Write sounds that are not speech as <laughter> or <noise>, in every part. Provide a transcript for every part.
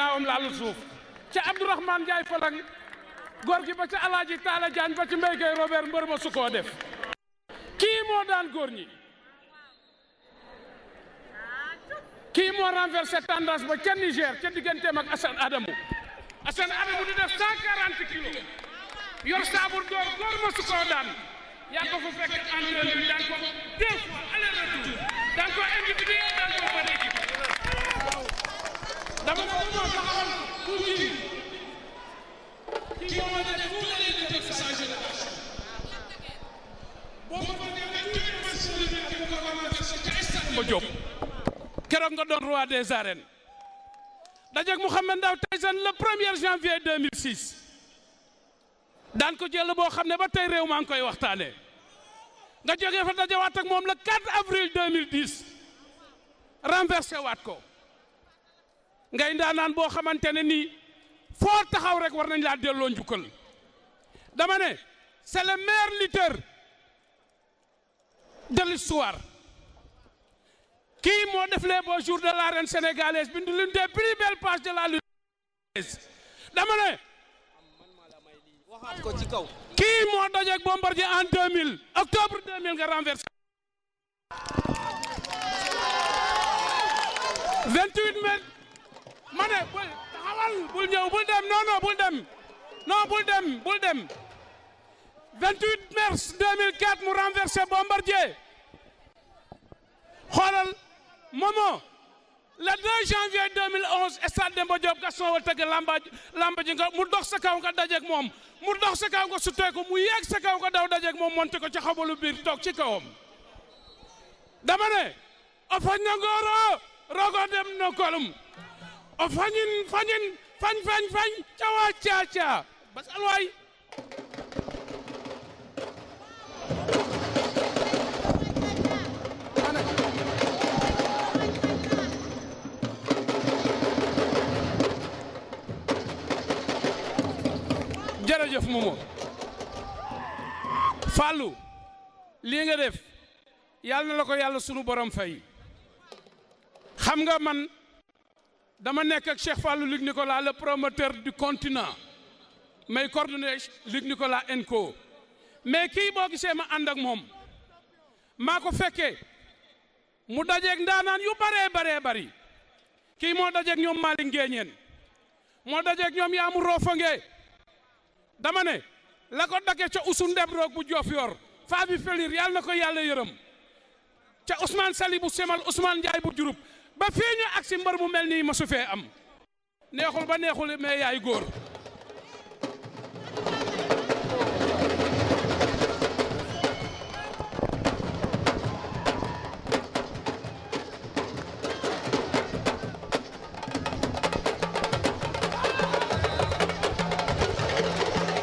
ginnaawam laalu suuf ca Abdourahmane Ndiaye Falang góor gi ba ca alaaji Taala Jaañ ba ci Mbay Gay Robert mbër ma su koo def kii moo daan góor ñi kii moo renversé tendance ba ca Niger ca digganteem ak Assane Adamu Assane Adamu di def cent yor saabur door góor ma su daan yaa ko fa fekk entraîneur bi daan ko deux fois aller dama ne ko ñoo moo nekk tous les de sa keroog nga doon roi des arènes dajeeg Mouhamed Ndao Tyson le 1 janvier daan ko jël boo xam ne ba tey réew maa ngi koy waxtaanee nga jógee fa dajewaat ak moom la 4 avril 2010 renversé waat ko. ngay ndaanaan boo xamante ne nii foo taxaw rek war nañ laa delloo njukkal dama ne c'est le meilleur lutteur de kii moo def les beaux jours de l'arène sénégalaise bindu l'une des plus belles pages de la lutte dama ne waxaat ko ci kaw kii moo dajeeg Bombardier en 2000 octobre 2000 nga renversé 28 mai ma ne bul taxawal bul ñëw bul dem non bul dem non bul dem bul dem 28 mars 2004 mu renversé Bombardier xoolal Momo le 2 janvier 2011 stade Demba Diop Gaston wa tëgg lamba lamba ji mu dox sa nga dajeeg moom mu dox sa nga suteeku mu yéeg sa nga daw dajeeg moom monte ko ci xabalu biir toog ci kawam dama ne a fañ na dem na kolum o oh, fañin fañin fañ fañ fañ cawa caca basal waay jërëjëf Momo Fallou lii def yàlla na la ko yàlla sunu borom fay xam nga man dama nekk ak Cheikh Fallou Luc Nicolas le promoteur du continent may coordonné Luc Nicolas Enco mais kii boo gisee ma ànd ak moom maa ko fekkee mu dajeeg ndaanaan yu baree baree bari kii moo dajeeg ñoom Malick Ngéeñeen moo dajeeg ñoom Yaamu Rofange dama ne la ko dake ca usu ndeb roog bu joof yor faa bi felir yàlla na ko yàlla yërëm ca Ousmane Sali bu semal Ousmane Ndiaye bu jurub ba fii ak si mbër mu mel nii masu fee am neexul ba neexul mais yaay góor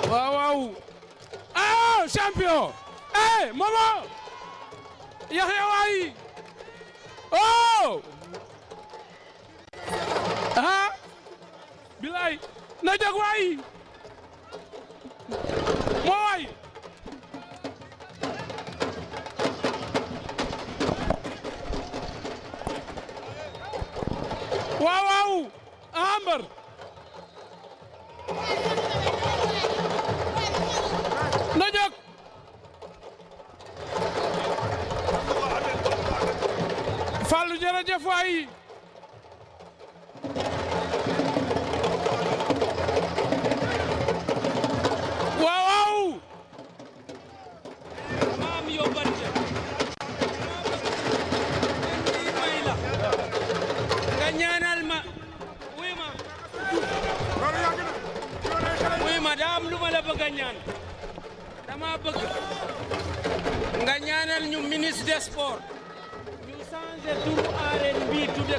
waaw waaw ah champion eh momo Yaxya waay oh ah bilaay na jóg waay moo waay waaw waaw ah na jóg Fallou jërëjëf waay ñaanal ñu ministre des sports ñu changé turu aareen bii tudde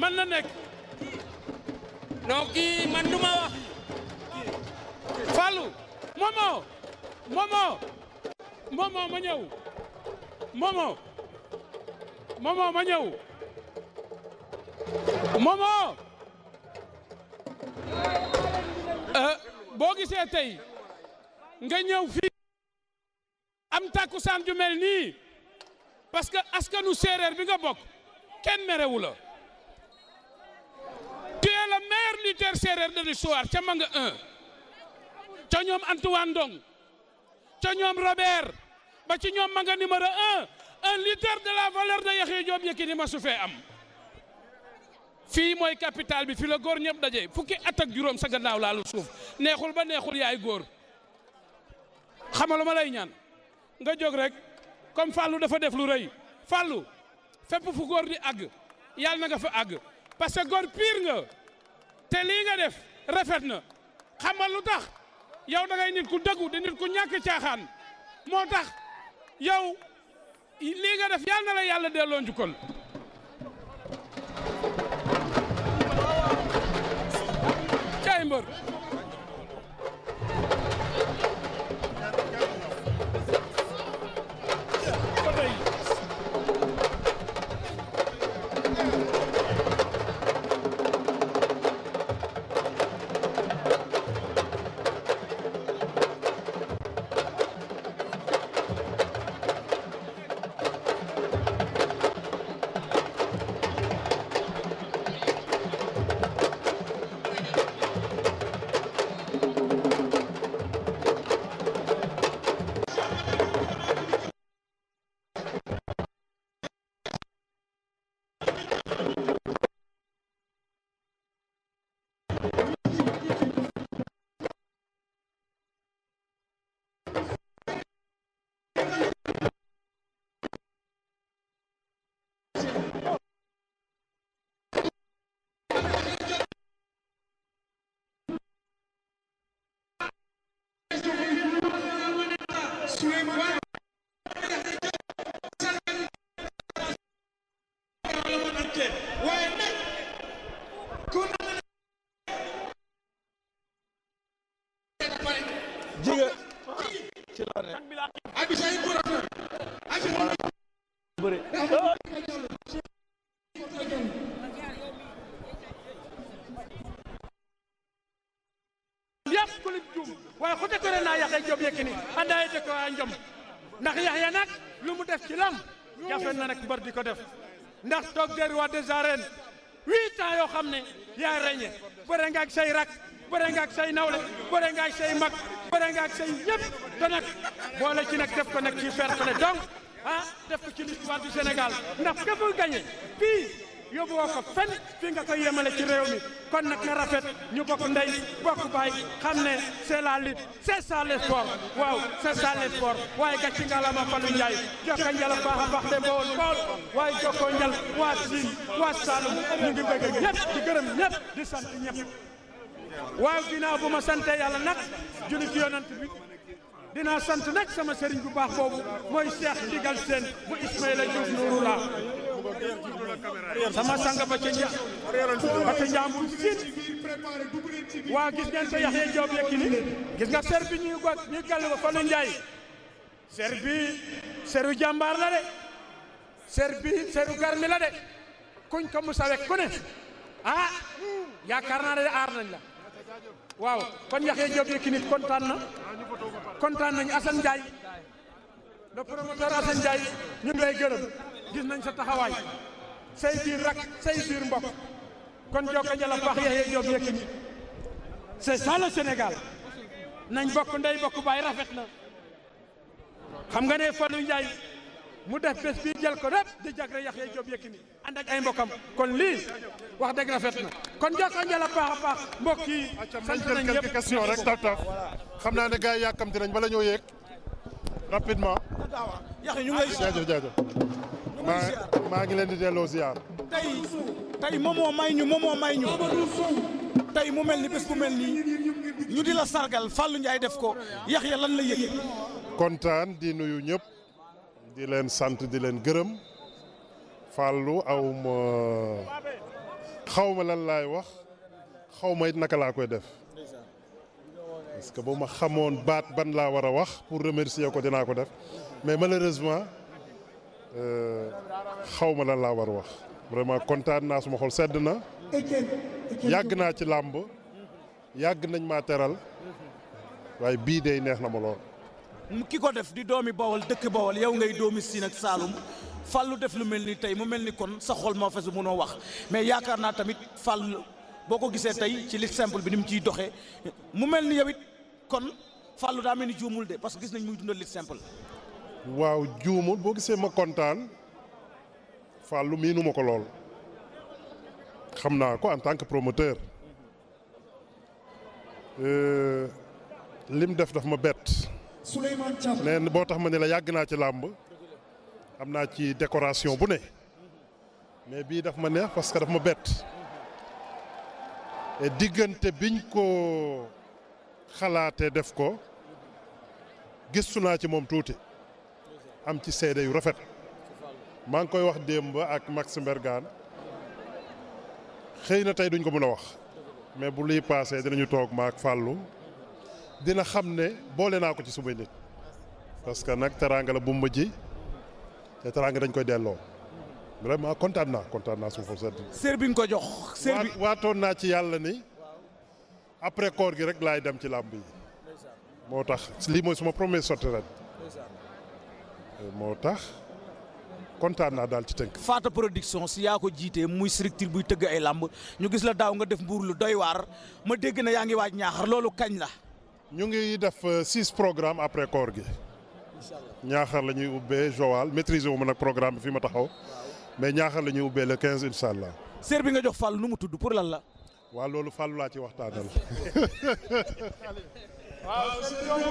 mën na nekk. donc ma wax. Momo. Momo. ma ñëw. Momo. Momo ma ñëw. Momo. Euh, boo gisee tey nga ñëw fii am takkusaan ju mel nii parce que askanu séeréer bi nga bokk kenn merewu la tu es séeréer de l'histoire ca ma nga ca ñoom Antoine ca ñoom Robert ba ci ñoom ma nga numéro en un lutteur de la valeur de Yaxya Joob Yékini ma su am fii mooy capital bi fi la góor ñëpp daje fukki at juróom sa gannaaw laalu suuf neexul ba neexul yaay góor xamalu ma lay ñaan nga jóg rek comme Fallou dafa def lu rëy Fallou fépp fu góor di àgg yàlla na nga fa àgg parce que góor pire nga te lii nga def rafet na xamal lu tax yow dangay ngay nit ku dëggu di nit ku ñàkk caaxaan moo tax yow lii nga def yàlla na la yàlla delloo mbër rafet na nag mbër di ko def ndax toog der roi des arènes huit yoo xam ne yaa ràññee bëre nga ak say rak bëre nga say nawle bëre nga say mag bëre nga ak say ñëpp te nag boole ci nag def ko nag ci fair play donc ah def ko ci l'histoire du Sénégal ndax képp ku gagné yóbbu woo ko fenn fi nga koy yemale ci réew kon nag na rafet ñu bokk ndey bokk baay xam ne c'est la lutte c'est ça le sport waaw c'est ça le sport waaye gàcci ngalama Fallou Ndiaye jokka njal baax a baax de mbool mbool waaye jokkoo njal waa Siin waa Saalum ñu ngi bëgg ñëpp di gërëm ñëpp di sant ñëpp waaw ginnaaw bu ma sante yàlla nag julli ci yonant bi dinaa sant nag sama sëriñ bu baax boobu mooy Cheikh Ndigal Sène bu Ismaïla Diouf Nouroula sama sang ba ca nja ba ca njàmbur jiit waa gis ngeen sa Yaxya Joob Yékini gis nga ser bi ñuy gog ñuy gàll ko Fallou Ndiaye ser bi seru jàmbaar la de ser bi seru garmi la de kuñ ko mu sawek ku ne ah, yaakaar naa ne de aar nañ la waaw kon Yaxya Joob Yékini kontaan na kontaan nañ Assane Ndiaye le promoteur Assane Ndiaye ñu ngi lay gis nañ sa taxawaay say biir rak say biir mbokk kon jokka jala baax Yaxya Joob Yékini c'est ça Sénégal nañ bokk ndey bokk baay rafet na xam nga ne Fallou Ndiaye mu def bés bii jël ko rek di jagre Yaxya Joob Yékini ànd ak ay mbokkam kon lii wax dëgg rafet na kon jokka jala baax a baax mbokk yi sant nañ yëpp question rek taf taf xam naa ne gars yi yàkkamti nañ bala ñoo yéeg rapidement. jaajëf jaajëf maa ngi leen di delloo ziar. tey tey moomoo may ñu moomoo may ñu tey mu mel ni bés bu mel nii ñu di la sargal Fallou Ndiaye def ko Yaxya lan la yëg. kontaan di nuyu ñëpp di leen sant di leen gërëm Fallou aw ma lan laay wax xaw ma it naka laa koy def. parce que bu ma xamoon baat ban laa war a wax pour remercier ko dinaa ko def mais malheureusement. Euh, xaw ma lan laa war a wax vraiment kontaan naa suma xol sedd na yàgg naa ci làmb yàgg nañ maa teral waaye bii day neex na ma lool. ki ko def di doomi Bawol dëkk Bawol yow ngay doomi Siin ak Saalum Fallou def lu mel ni tey mu mel ni kon sa xol moo fees mënoo wax mais yaakaar naa tamit Fallou boo ko gisee tey ci li simple bi ni mu ciy doxee mu mel ni yow it kon Fallou daa mel ni juumul de parce que gis nañ muy dundal li simple. waaw juumul boo gisee ma kontaan fàllu miinu ma ko lool xam naa ko en tant que promoteur euh, lim def daf ma bett. Souleymane Thiam boo tax ma ne la yàgg naa ci làmb am naa ci décoration bu ne mais bii daf ma neex parce que daf ma bett et diggante biñ ko xalaatee def ko gistu naa ci moom tuuti. am ci seede yu rafet maa ngi koy wax démb ak Max Mbergane xëy na tey duñ ko mun a wax mais bu luy paasee dinañu toog ma ak Fallou dina xam ne boole naa ko ci sumay nit parce que nag teraanga la bu ma ji te teraanga dañ koy delloo vraiment kontaan naa kontaan naa suñu foofu seer bi nga ko jox. seer bi waatoon naa ci yàlla ni après koor gi rek laay dem ci làmb yi moo tax lii mooy suma premier sortie ren moo tax kontaan naa daal ci tënk. Faata production si yaa ko jiitee muy structure buy tëgg ay làmb ñu gis la daaw nga def mbuur lu doy waar ma dégg na yaa ngi waaj ñaaxar loolu kañ la. ñu ngi def euh, six programmes après koor gi. ñaaxar la ñuy ubbee Joal maîtriser wu ma nag programme bi fi ma taxaw. mais ñaaxar la ñuy ubbee le quinze incha allah. seer bi nga jox Fall nu mu tudd pour lan la. waaw loolu Fall laa ci waxtaanal. <laughs>